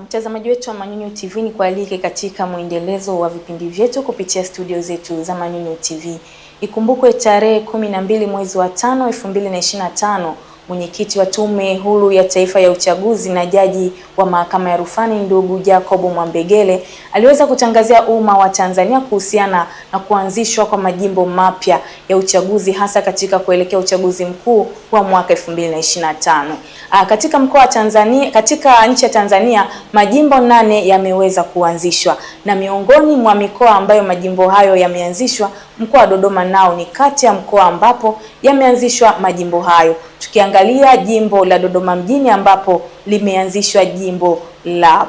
Mtazamaji wetu wa Manyunyu TV, ni kualike katika mwendelezo wa vipindi vyetu kupitia studio zetu za Manyunyu TV. Ikumbukwe tarehe kumi na mbili mwezi wa tano elfu mbili na ishirini na tano mwenyekiti wa Tume Huru ya Taifa ya Uchaguzi na jaji wa Mahakama ya Rufani ndugu Jacob Mwambegele aliweza kutangazia umma wa Tanzania kuhusiana na kuanzishwa kwa majimbo mapya ya uchaguzi hasa katika kuelekea uchaguzi mkuu wa mwaka 2025. Ah, katika mkoa wa Tanzania, katika nchi ya Tanzania majimbo nane yameweza kuanzishwa na miongoni mwa mikoa ambayo majimbo hayo yameanzishwa, mkoa wa Dodoma nao ni kati ya mkoa ambapo yameanzishwa majimbo hayo tukiangalia jimbo la Dodoma mjini ambapo limeanzishwa jimbo la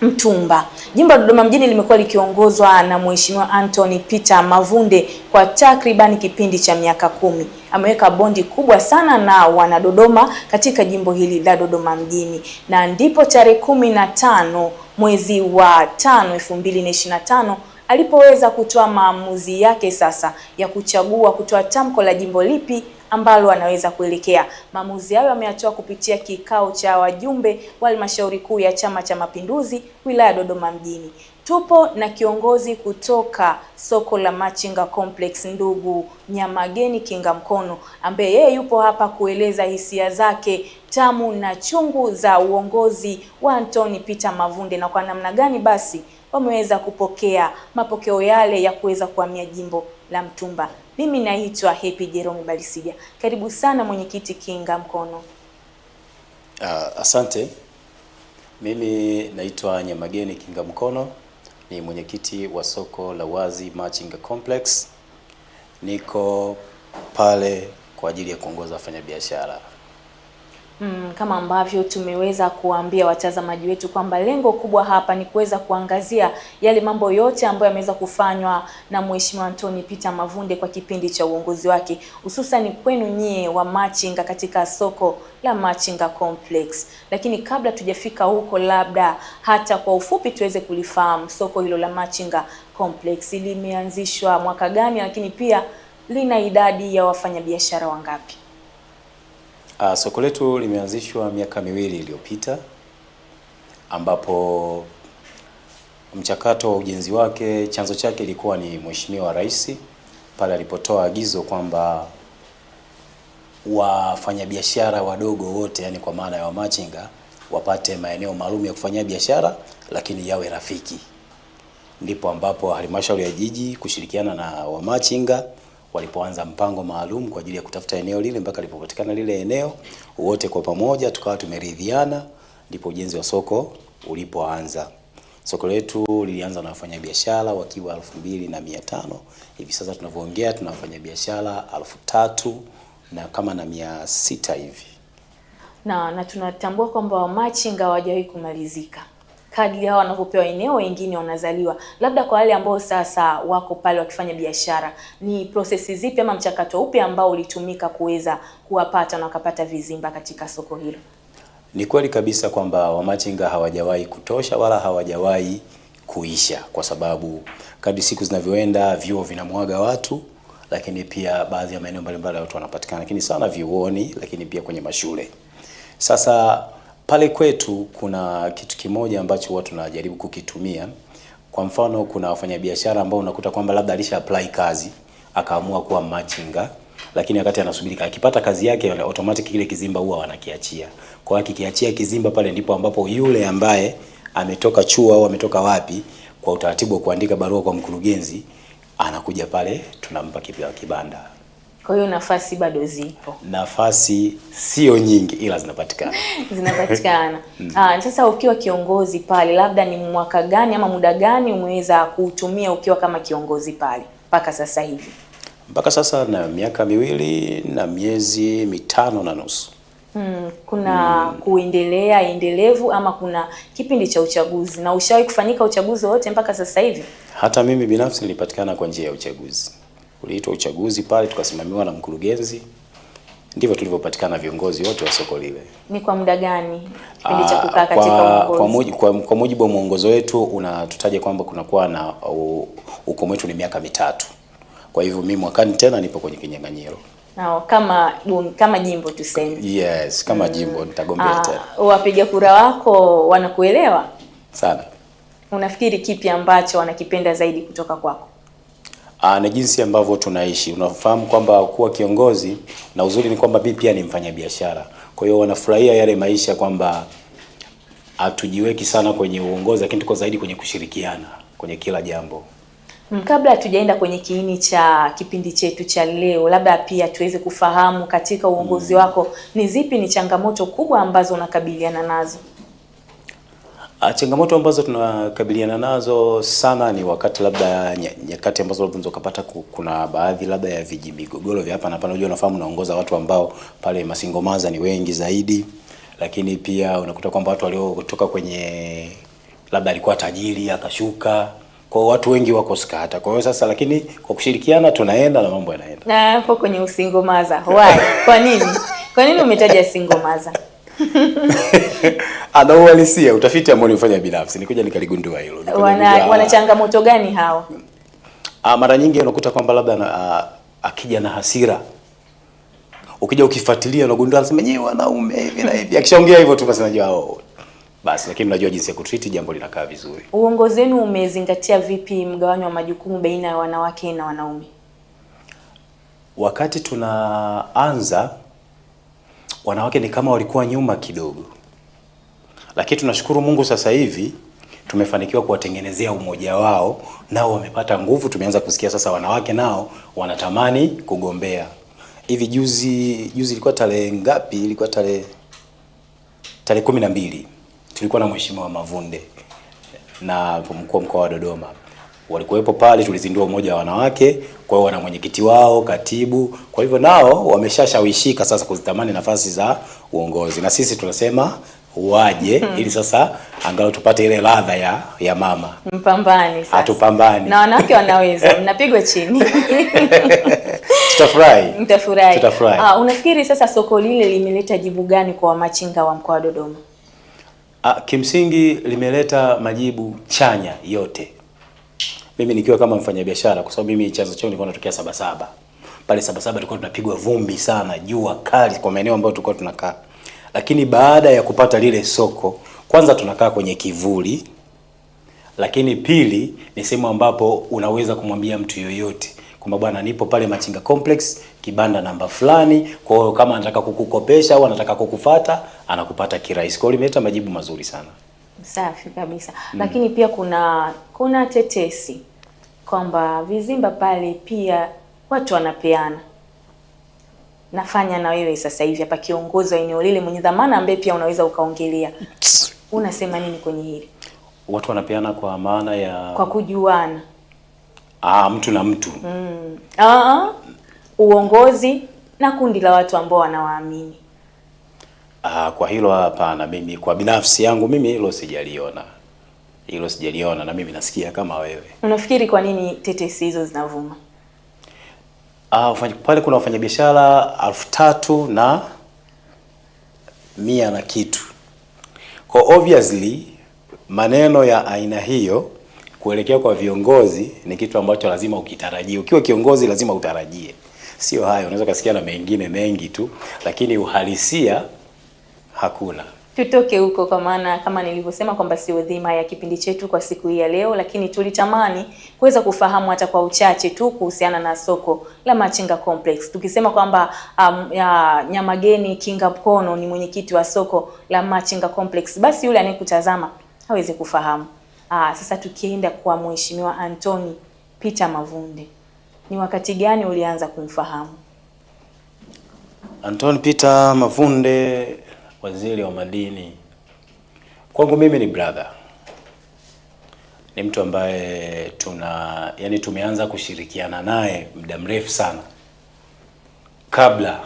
Mtumba. Jimbo la Dodoma mjini limekuwa likiongozwa na Mheshimiwa Anthony Peter Mavunde kwa takribani kipindi cha miaka kumi. Ameweka bondi kubwa sana na wanadodoma katika jimbo hili la Dodoma mjini, na ndipo tarehe kumi na tano mwezi wa tano elfu mbili na ishirini na tano alipoweza kutoa maamuzi yake sasa ya kuchagua kutoa tamko la jimbo lipi ambalo anaweza kuelekea. Maamuzi hayo ameyatoa kupitia kikao cha wajumbe wa halmashauri kuu ya Chama cha Mapinduzi wilaya ya Dodoma mjini. Tupo na kiongozi kutoka soko la Machinga Complex, ndugu Nyamageni Kinga Mkono, ambaye yeye yupo hapa kueleza hisia zake tamu na chungu za uongozi wa Anthony Peter Mavunde na kwa namna gani basi wameweza kupokea mapokeo yale ya kuweza kuhamia jimbo la Mtumba. Mimi naitwa Happy Jerome Balisija. Karibu sana mwenyekiti Kinga Mkono. Uh, asante. Mimi naitwa Nyamageni Kinga Mkono, ni mwenyekiti wa soko la wazi Machinga Complex. Niko pale kwa ajili ya kuongoza wafanyabiashara. Mm, kama ambavyo tumeweza kuwaambia watazamaji wetu kwamba lengo kubwa hapa ni kuweza kuangazia yale mambo yote ambayo yameweza kufanywa na Mheshimiwa Anthony Peter Mavunde kwa kipindi cha uongozi wake, hususan kwenu nyie wa machinga katika soko la Machinga Complex. Lakini kabla tujafika huko, labda hata kwa ufupi tuweze kulifahamu soko hilo la Machinga Complex limeanzishwa mwaka gani, lakini pia lina idadi ya wafanyabiashara wangapi? Uh, soko letu limeanzishwa miaka miwili iliyopita ambapo mchakato wa ujenzi wake chanzo chake ilikuwa ni Mheshimiwa Rais pale alipotoa agizo kwamba wafanyabiashara wadogo wote, yani kwa maana ya wamachinga, wapate maeneo maalum ya kufanyia biashara, lakini yawe rafiki. Ndipo ambapo halmashauri ya jiji kushirikiana na wamachinga walipoanza mpango maalum kwa ajili ya kutafuta eneo lile mpaka lilipopatikana lile eneo, wote kwa pamoja tukawa tumeridhiana, ndipo ujenzi wa soko ulipoanza. Soko letu lilianza na wafanyabiashara wakiwa elfu mbili na mia tano. Hivi sasa tunavyoongea tuna wafanyabiashara elfu tatu na kama na mia sita hivi na na tunatambua kwamba wamachinga hawajawahi kumalizika kadri hao wanavyopewa eneo, wengine wanazaliwa. Labda kwa wale ambao sasa wako pale wakifanya biashara, ni prosesi zipi ama mchakato upi ambao ulitumika kuweza kuwapata na wakapata vizimba katika soko hilo? Ni kweli kabisa kwamba wamachinga hawajawahi kutosha wala hawajawahi kuisha, kwa sababu kadri siku zinavyoenda vyuo vinamwaga watu, lakini pia baadhi ya maeneo mbalimbali watu wanapatikana, lakini sana vyuoni, lakini pia kwenye mashule sasa pale kwetu kuna kitu kimoja ambacho huwa tunajaribu kukitumia. Kwa mfano, kuna wafanyabiashara ambao unakuta kwamba labda alisha apply kazi akaamua kuwa machinga, lakini wakati anasubiri akipata kazi yake automatic kile kizimba huwa wanakiachia. Kwa hiyo akikiachia kizimba pale ndipo ambapo yule ambaye ametoka chuo au ametoka wapi, kwa utaratibu wa kuandika barua kwa mkurugenzi, anakuja pale tunampa kibanda. Kwa hiyo nafasi bado zipo, nafasi sio nyingi, ila zinapatikana zinapatikana. Ah, sasa ukiwa kiongozi pale, labda ni mwaka gani ama muda gani umeweza kuutumia ukiwa kama kiongozi pale mpaka sasa hivi? Mpaka sasa na miaka miwili na miezi mitano na nusu. Hmm, kuna hmm, kuendelea endelevu ama kuna kipindi cha uchaguzi? Na ushawahi kufanyika uchaguzi wowote mpaka sasa hivi? Hata mimi binafsi nilipatikana kwa njia ya uchaguzi uliitwa uchaguzi pale, tukasimamiwa na mkurugenzi. Ndivyo tulivyopatikana viongozi wote wa soko lile. Ni kwa muda gani ah, kipindi kwa, kukaa Kwa, kwa mujibu wa mwongozo wetu unatutaja kwamba kunakuwa na ukomo wetu ni miaka mitatu. Kwa hivyo mimi mwakani tena nipo kwenye kinyang'anyiro. Nao kama um, kama jimbo tuseme. Yes, kama mm. jimbo mm, nitagombea ah, tena. Wapiga kura wako wanakuelewa sana. Unafikiri kipi ambacho wanakipenda zaidi kutoka kwako? Aa, ah, na jinsi ambavyo tunaishi. Unafahamu kwamba kuwa kiongozi na uzuri ni kwamba mimi pia ni mfanyabiashara, kwa hiyo wanafurahia yale maisha kwamba hatujiweki sana kwenye uongozi, lakini tuko zaidi kwenye kushirikiana kwenye kila jambo. Hmm, kabla hatujaenda kwenye kiini cha kipindi chetu cha leo, labda pia tuweze kufahamu katika uongozi mm, wako ni zipi ni changamoto kubwa ambazo unakabiliana nazo? Ah, changamoto ambazo tunakabiliana nazo sana ni wakati labda nyakati ambazo labda ukapata kuna baadhi labda ya viji migogoro vya hapa na pale. Unajua, unafahamu unaongoza watu ambao pale masingomaza ni wengi zaidi, lakini pia unakuta kwamba watu waliotoka kwenye labda alikuwa tajiri akashuka kwa watu wengi wako skata. Kwa hiyo sasa, lakini kwa kushirikiana tunaenda na mambo yanaenda. Na hapo kwenye usingomaza, why? Kwa nini? Kwa nini umetaja singomaza? ana uhalisia utafiti ambao nilifanya binafsi, nikuja nikaligundua hilo. Wana, ah, wana changamoto gani hao? ah, Mara nyingi unakuta kwamba labda ah, akija na hasira ukija ukifuatilia unagundua anasema yeye wanaume hivi na hivi. Akishaongea hivyo tu basi najua oh. Basi lakini unajua jinsi ya kutreat jambo linakaa vizuri. Uongozi wenu umezingatia vipi mgawanyo wa majukumu baina ya wanawake na wanaume? Wakati tunaanza wanawake ni kama walikuwa nyuma kidogo. Lakini tunashukuru Mungu sasa hivi tumefanikiwa kuwatengenezea umoja wao, nao wamepata nguvu. Tumeanza kusikia sasa wanawake nao wanatamani kugombea. Hivi juzi juzi, ilikuwa tarehe ngapi? Ilikuwa tarehe tarehe kumi na mbili tulikuwa na Mheshimiwa Mavunde na mkuu mkoa wa Dodoma walikuwepo pale, tulizindua umoja wa wanawake. Kwa hiyo wana mwenyekiti wao, katibu, kwa hivyo nao wameshashawishika sasa kuzitamani nafasi za uongozi, na sisi tunasema waje hmm. ili sasa angalau tupate ile ladha ya ya mama. Mpambani sasa. Atupambani. Na wanawake wanaweza, mnapigwa chini. Tutafurahi. Mtafurahi. Tutafurahi. Ah, unafikiri sasa soko lile limeleta jibu gani kwa wamachinga wa mkoa wa Dodoma? Ah, kimsingi limeleta majibu chanya yote. Mimi nikiwa kama mfanyabiashara kwa sababu mimi chanzo changu nilikuwa natokea Sabasaba. Pale Sabasaba tulikuwa tunapigwa vumbi sana, jua kali kwa maeneo ambayo tulikuwa tunakaa. Lakini baada ya kupata lile soko, kwanza tunakaa kwenye kivuli, lakini pili ni sehemu ambapo unaweza kumwambia mtu yoyote kwamba bwana, nipo pale Machinga Complex kibanda namba fulani. Kwa hiyo kama anataka kukukopesha au anataka kukufata anakupata kirahisi. Kwa hiyo limeleta majibu mazuri sana. Safi kabisa mm. Lakini pia kuna kuna tetesi kwamba vizimba pale pia watu wanapeana nafanya na wewe sasa hivi hapa, kiongozi wa eneo lile mwenye dhamana ambaye pia unaweza ukaongelea, unasema nini kwenye hili? Watu wanapeana kwa maana ya kwa kujuana, ah, mtu na mtu mm. ah, ah. uongozi na kundi la watu ambao wanawaamini. Ah, kwa hilo hapana, mimi kwa binafsi yangu mimi hilo sijaliona, hilo sijaliona, na mimi nasikia kama wewe. Unafikiri kwa nini tetesi hizo zinavuma? Uh, pale kuna wafanyabiashara elfu tatu na mia na kitu. Kwa obviously maneno ya aina hiyo kuelekea kwa viongozi ni kitu ambacho lazima ukitarajie. Ukiwa kiongozi lazima utarajie, sio hayo. Unaweza ukasikia na mengine mengi tu, lakini uhalisia hakuna tutoke huko, kwa maana kama nilivyosema kwamba sio dhima ya kipindi chetu kwa siku hii ya leo, lakini tulitamani kuweza kufahamu hata kwa uchache tu kuhusiana na soko la Machinga Complex, tukisema kwamba um, Nyamageni Kinga Mkono ni mwenyekiti wa soko la Machinga Complex, basi yule anayekutazama hawezi kufahamu. Aa, ah, sasa tukienda kwa Mheshimiwa Anthony Peter Mavunde, ni wakati gani ulianza kumfahamu Anthony Peter Mavunde? waziri wa madini kwangu mimi ni brother, ni mtu ambaye tuna yani, tumeanza kushirikiana naye muda mrefu sana kabla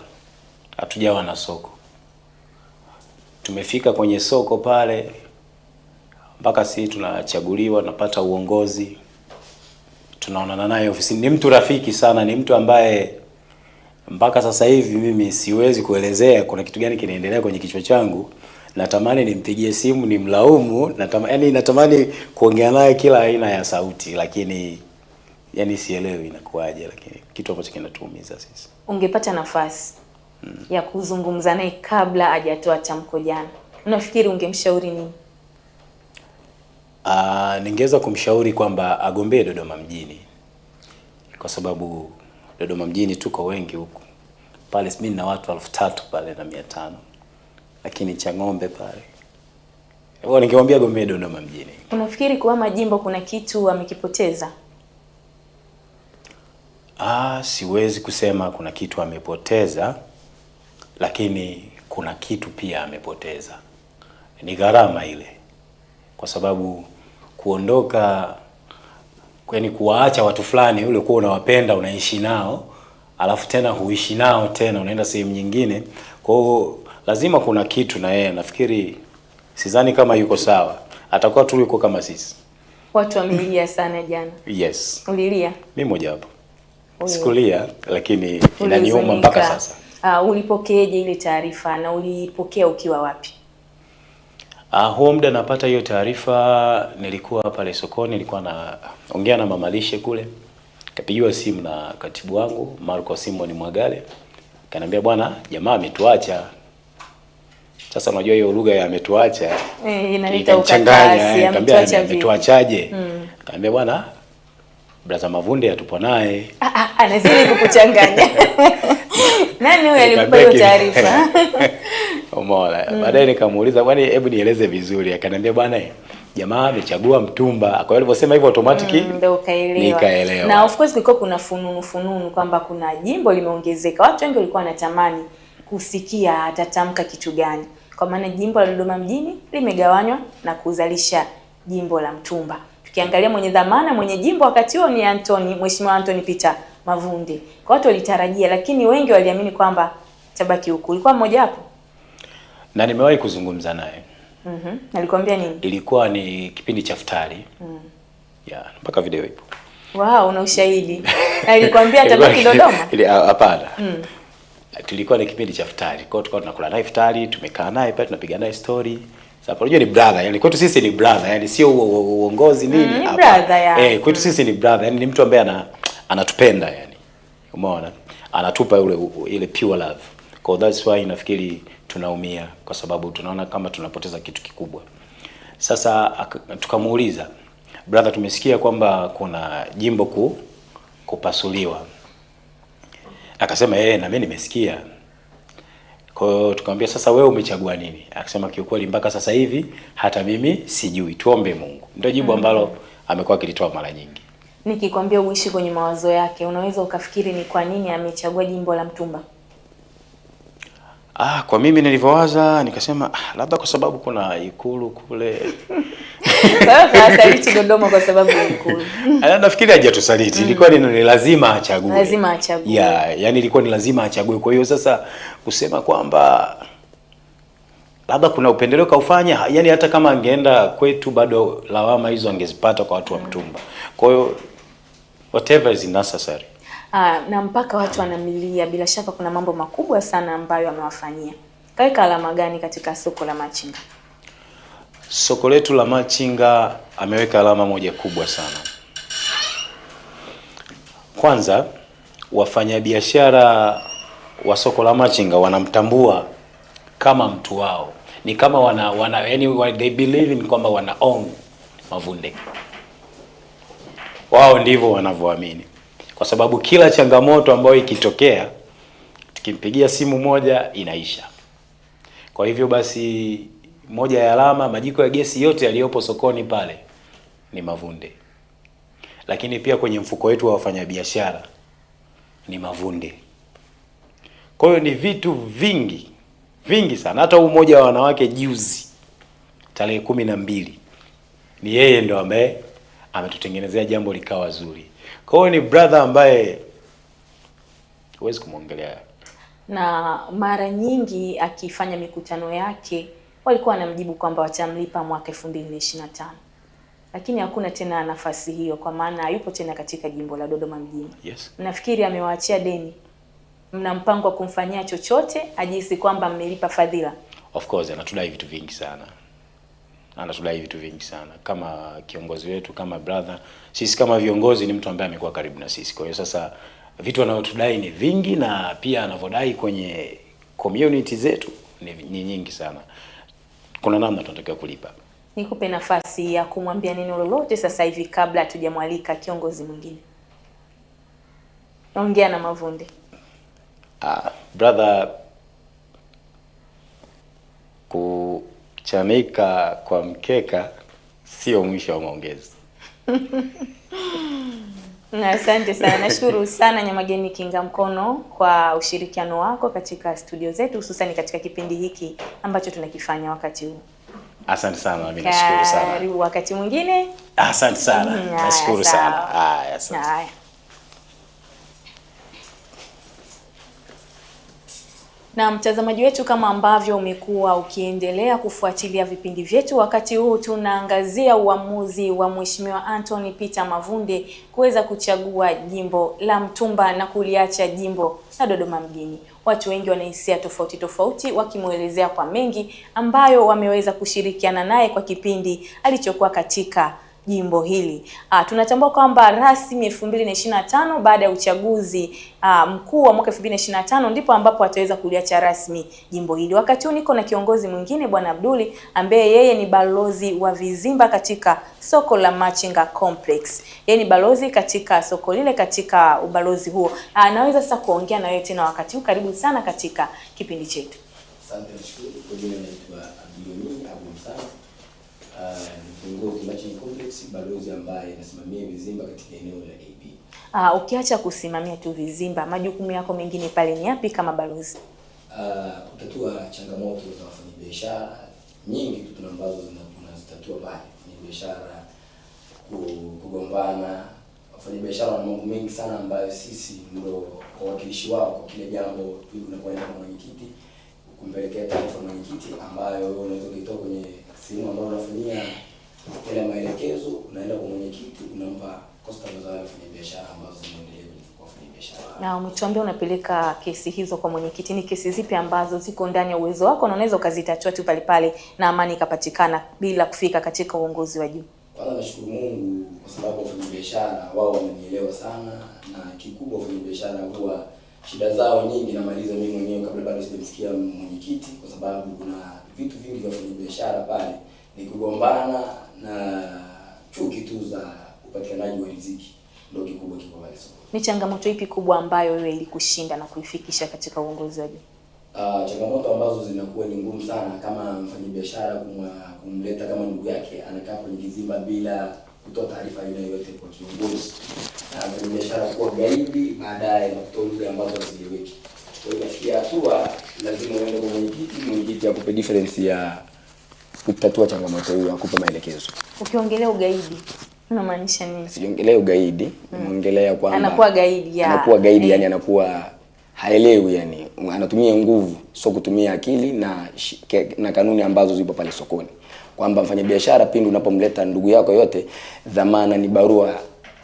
hatujawa na soko. Tumefika kwenye soko pale mpaka sisi tunachaguliwa, tunapata uongozi, tunaonana naye ofisini. Ni mtu rafiki sana, ni mtu ambaye mpaka sasa hivi mimi siwezi kuelezea kuna kitu gani kinaendelea kwenye kichwa changu. Natamani nimpigie simu nimlaumu, natamani yani, natamani kuongea naye kila aina ya sauti, lakini yani sielewi inakuwaje, lakini kitu ambacho kinatuumiza sisi. Ungepata nafasi hmm, ya kuzungumza naye kabla hajatoa tamko jana, unafikiri ungemshauri nini? Ah, ningeweza kumshauri kwamba agombee Dodoma mjini kwa sababu Dodoma mjini tuko wengi huku pale, mimi na watu elfu tatu pale na mia tano lakini cha ngombe pale hivyo, ningemwambia gomee Dodoma mjini. Unafikiri kwa majimbo kuna kitu amekipoteza? Ah, siwezi kusema kuna kitu amepoteza, lakini kuna kitu pia amepoteza, ni gharama ile, kwa sababu kuondoka Yaani kuwaacha watu fulani uliokuwa unawapenda unaishi nao, alafu tena huishi nao tena, unaenda sehemu nyingine. Kwa hiyo lazima kuna kitu, na yeye nafikiri, sidhani kama yuko sawa, atakuwa tu yuko kama sisi. Watu wamelia sana jana. Yes. Ulilia? Mimi moja wapo. Sikulia, lakini inaniuma mpaka sasa. Uh, ulipokeeje ile taarifa na ulipokea ukiwa wapi? Uh, huo muda napata hiyo taarifa, nilikuwa pale sokoni, nilikuwa naongea na mama lishe kule, kapigiwa simu na katibu wangu Marco Simon Mwagale, kaniambia bwana, jamaa ametuacha. Sasa unajua hiyo lugha ya ametuacha eh, inaleta eh, ukakasi. Ametuacha ametuachaje? Mm. Kaniambia bwana, brother Mavunde atupo naye, ah, ah, anazidi kukuchanganya nani huyo alikupa hiyo taarifa? Umeona? Mm. Baadaye nikamuuliza kwani hebu nieleze vizuri. Akaniambia bwana jamaa amechagua mtumba. Kwa hiyo alivyosema hivyo automatic mm, ndio mm, Nikaelewa. Na of course kulikuwa kuna fununu fununu kwamba kuna jimbo limeongezeka. Watu wengi walikuwa wanatamani kusikia atatamka kitu gani. Kwa maana jimbo la Dodoma mjini limegawanywa na kuzalisha jimbo la Mtumba. Tukiangalia mwenye dhamana mwenye jimbo wakati huo ni Anthony, Mheshimiwa Anthony Peter Mavunde. Kwa watu walitarajia, lakini wengi waliamini kwamba tabaki huku. Ulikuwa mmoja hapo na nimewahi kuzungumza naye mm Alikwambia nini? Ilikuwa ni kipindi cha futari mm. yeah, mpaka video ipo. Wow, una ushahidi. Alikwambia atabaki Dodoma? Hapana. Mhm. Tulikuwa ni kipindi cha futari. Kwa hiyo tulikuwa tunakula naye futari, tumekaa naye pale tunapiga naye story. Sasa unajua ni brother, yani kwetu sisi ni brother, yani sio uongozi nini mm, hapa. Brother yani. Eh, kwetu mm. sisi ni brother, yani ni mtu ambaye ana anatupenda yani. Umeona? Anatupa ule ile pure love. Kwa that's why nafikiri tunaumia kwa sababu tunaona kama tunapoteza kitu kikubwa. Sasa tukamuuliza brother, tumesikia kwamba kuna jimbo ku, kupasuliwa. Akasema yeye eh, na mimi nimesikia. Kwa hiyo tukamwambia, sasa wewe umechagua nini? Akasema kiukweli, mpaka sasa hivi hata mimi sijui, tuombe Mungu. Ndio jibu mm-hmm. ambalo amekuwa akilitoa mara nyingi. Nikikwambia uishi kwenye mawazo yake, unaweza ukafikiri ni kwa nini amechagua jimbo la Mtumba. Ah, kwa mimi nilivyowaza nikasema ah, labda kwa sababu kuna ikulu kule. Hasaliti Dodoma kwa sababu ya ikulu. Ah, nafikiri hajatusaliti. Mm. Ilikuwa mm. ni lazima achague. Lazima achague. Yeah, yani ilikuwa ni lazima achague. Kwa hiyo sasa kusema kwamba labda kuna upendeleo kaufanya, yani hata kama angeenda kwetu bado lawama hizo angezipata kwa watu wa mm. Mtumba. Kwa hiyo whatever is necessary uh, na mpaka watu wanamilia. Bila shaka kuna mambo makubwa sana ambayo amewafanyia. Kaweka alama gani katika soko la machinga? Soko letu la machinga ameweka alama moja kubwa sana. Kwanza, wafanyabiashara wa soko la machinga wanamtambua kama mtu wao, ni kama wana, wana yani, they believe in kwamba wana own Mavunde, wao ndivyo wanavyoamini kwa sababu kila changamoto ambayo ikitokea tukimpigia simu moja inaisha. Kwa hivyo basi, moja ya alama majiko ya gesi yote yaliyopo sokoni pale ni Mavunde, lakini pia kwenye mfuko wetu wa wafanyabiashara ni Mavunde. Kwa hiyo ni vitu vingi vingi sana. Hata huu mmoja wa wanawake juzi, tarehe kumi na mbili, ni yeye ndo ambaye ametutengenezea jambo likawa zuri. Kwa hiyo ni brother ambaye huwezi kumwongelea. Na mara nyingi akifanya mikutano yake walikuwa wanamjibu kwamba watamlipa mwaka 2025 lakini hakuna tena nafasi hiyo, kwa maana hayupo tena katika jimbo la Dodoma mjini. Yes. Mnafikiri amewaachia deni? Mna mpango wa kumfanyia chochote ajihisi kwamba mmelipa fadhila? Of course anatudai vitu vingi sana anatudai vitu vingi sana kama kiongozi wetu, kama brother. Sisi kama viongozi ni mtu ambaye amekuwa karibu na sisi, kwa hiyo sasa vitu anavyotudai ni vingi, na pia anavyodai kwenye community zetu ni, ni nyingi sana. Kuna namna tunatakiwa kulipa. Nikupe nafasi ya kumwambia neno lolote sasa hivi kabla hatujamwalika kiongozi mwingine. Ongea na Mavunde. Ah, brother ku chanika kwa mkeka sio mwisho wa maongezi. Na asante sana, nashukuru sana Nyamageni Kinga Mkono kwa ushirikiano wako katika studio zetu, hususani katika kipindi hiki ambacho tunakifanya wakati huu. Asante sana, mimi nashukuru sana. Karibu wakati mwingine. Asante sana, nashukuru sana. Haya, asante. Na mtazamaji wetu, kama ambavyo umekuwa ukiendelea kufuatilia vipindi vyetu, wakati huu tunaangazia uamuzi wa Mheshimiwa Anthony Peter Mavunde kuweza kuchagua jimbo la Mtumba na kuliacha jimbo la Dodoma mjini. Watu wengi wanahisia tofauti tofauti, wakimwelezea kwa mengi ambayo wameweza kushirikiana naye kwa kipindi alichokuwa katika jimbo hili. Ah, tunatambua kwamba rasmi 2025 baada ya uchaguzi uh, mkuu wa mwaka 2025 ndipo ambapo ataweza kuliacha rasmi jimbo hili. Wakati huu niko na kiongozi mwingine Bwana Abduli ambaye yeye ni balozi wa vizimba katika soko la Machinga Complex. Yeye ni balozi katika soko lile, katika ubalozi huo Ah, naweza sasa kuongea na wewe tena wakati huu. Karibu sana katika kipindi chetu. Asante, nashukuru. Kwa jina naitwa Abduli Ah, ni kiongozi Machinga si balozi ambaye anasimamia vizimba katika eneo la AB. Aa, ah, ukiacha kusimamia tu vizimba, majukumu yako mengine pale ni yapi kama balozi? Ah, kutatua changamoto za wafanyabiashara nyingi tu tuna ambazo tunazitatua pale, wafanyabiashara kugombana, wafanyabiashara wana mambo mengi sana ambayo sisi ndio wawakilishi wao kwa kile jambo. Unapoenda kwa mwenyekiti kumpelekea taarifa mwenyekiti ambayo unaweza kuitoa kwenye sehemu ambayo unafanyia yale maelekezo unaenda kwa mwenyekiti unampa customer za wafanya biashara ambazo zinaendelea kwa wafanya biashara. Na umetuambia unapeleka kesi hizo kwa mwenyekiti, ni kesi zipi ambazo ziko ndani ya uwezo wako na unaweza ukazitatua tu pale pale na amani ikapatikana bila kufika katika uongozi wa juu? Kwanza nashukuru Mungu kwa sababu biashara wao wamenielewa sana, na kikubwa biashara huwa shida zao nyingi namaliza mimi mwenyewe kabla bado sijamfikia mwenyekiti, kwa sababu kuna vitu vingi vya biashara pale ni kugombana upatikanaji wa riziki ndio kikubwa kiko pale sokoni. Ni changamoto ipi kubwa ambayo wewe ilikushinda na kuifikisha katika uongozi wako? juu? Uh, ah, changamoto ambazo zinakuwa ni ngumu sana kama mfanyabiashara kumleta kama ndugu yake anakaa kwenye kizimba bila kutoa taarifa aina yoyote kwa kiongozi na mfanyabiashara kuwa gaidi baadaye na kutoa lugha ambazo hazieleweki. Kwa hiyo nafikia hatua lazima uende kwa mwenyekiti, mwenyekiti akupe difference ya kutatua changamoto hiyo, akupe maelekezo. Ukiongelea ugaidi Unamaanisha nini? Sijongelea ugaidi, naongelea mm. kwamba anakuwa gaidi ya anakuwa gaidi, yani eh. anakuwa haelewi, yani anatumia nguvu, sio kutumia akili na na kanuni ambazo zipo pale sokoni, kwamba mfanyabiashara pindi unapomleta ndugu yako yote, dhamana ni barua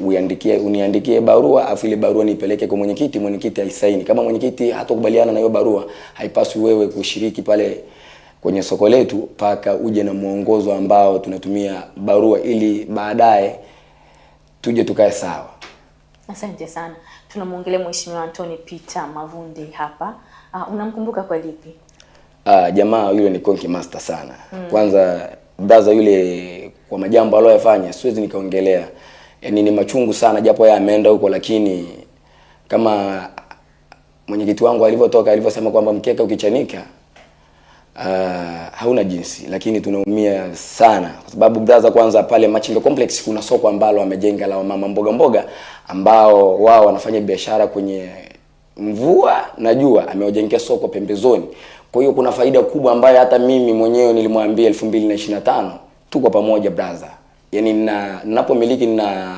uiandikie uniandikie barua afu ile barua nipeleke kwa mwenyekiti, mwenyekiti aisaini. Kama mwenyekiti hatakubaliana na hiyo barua, haipaswi wewe kushiriki pale kwenye soko letu mpaka uje na mwongozo ambao tunatumia barua ili baadaye tuje tukae sawa. Asante sana. Tunamwongelea Mheshimiwa Anthony Peter Mavunde hapa. Uh, unamkumbuka kwa lipi? Uh, jamaa yule ni konki master sana. Mm. Kwanza braza yule kwa majambo aliyofanya siwezi nikaongelea. Yaani ni machungu sana japo yeye ameenda huko lakini kama mwenyekiti wangu alivyotoka alivyosema kwamba mkeka ukichanika uh, hauna jinsi, lakini tunaumia sana kwa sababu brother, kwanza pale Machinga Complex kuna soko ambalo amejenga la mama mboga mboga ambao wao wanafanya biashara kwenye mvua na jua, amewajengea soko pembezoni. Kwa hiyo kuna faida kubwa ambayo hata mimi mwenyewe nilimwambia 2025 tuko pamoja brother, yani ninapomiliki na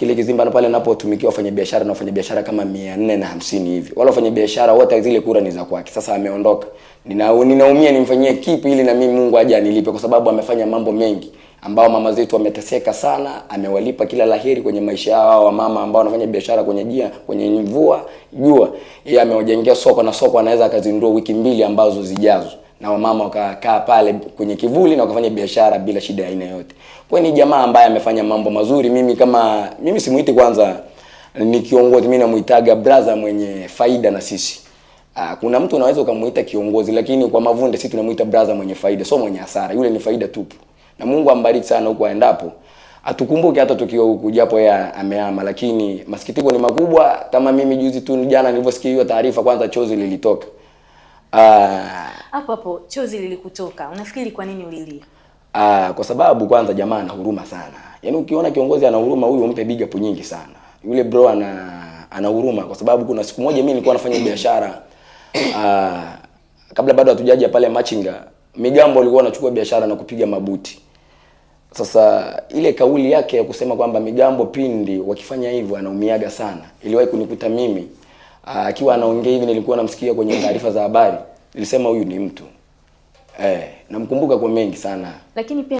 kile kizimbani pale napotumikia wafanyabiashara na wafanyabiashara kama mia nne na hamsini hivi, wala wafanyabiashara wote, zile kura ni za kwake. Sasa ameondoka, nina ninaumia, nimfanyie kipi ili na mimi Mungu aje anilipe, kwa sababu amefanya mambo mengi ambao mama zetu wameteseka sana. Amewalipa kila laheri kwenye maisha yao wa mama ambao wanafanya biashara kwenye jia kwenye mvua jua, yeye amewajengea soko na soko anaweza akazindua wiki mbili ambazo zijazo na wamama wakakaa pale kwenye kivuli na wakafanya biashara bila shida aina yote. Kwa ni jamaa ambaye amefanya mambo mazuri. Mimi kama mimi simuiti kwanza ni kiongozi, mimi namuitaga brother mwenye faida na sisi. Aa, ah, kuna mtu unaweza ukamuita kiongozi, lakini kwa Mavunde sisi tunamuita brother mwenye faida, so mwenye hasara. Yule ni faida tupu, na Mungu ambariki sana huko aendapo, atukumbuke hata tukiwa huku, japo yeye ameama, lakini masikitiko ni makubwa. Kama mimi juzi tu jana nilivyosikia hiyo taarifa, kwanza chozi lilitoka. Ah, hapo hapo chozi lilikutoka, unafikiri kwa nini ulilia? Ah, kwa sababu kwanza jamaa ana huruma sana. Yaani ukiona kiongozi ana huruma, huyu umpe big up nyingi sana. Yule bro ana ana huruma kwa sababu kuna siku moja mimi nilikuwa nafanya biashara ah, kabla bado hatujaja pale Machinga, Migambo alikuwa anachukua biashara na kupiga mabuti. Sasa ile kauli yake ya kusema kwamba Migambo pindi wakifanya hivyo anaumiaga sana, iliwahi kunikuta mimi ah, akiwa anaongea hivi, nilikuwa namsikia kwenye taarifa za habari nilisema huyu ni mtu eh, namkumbuka kwa mengi sana, lakini pia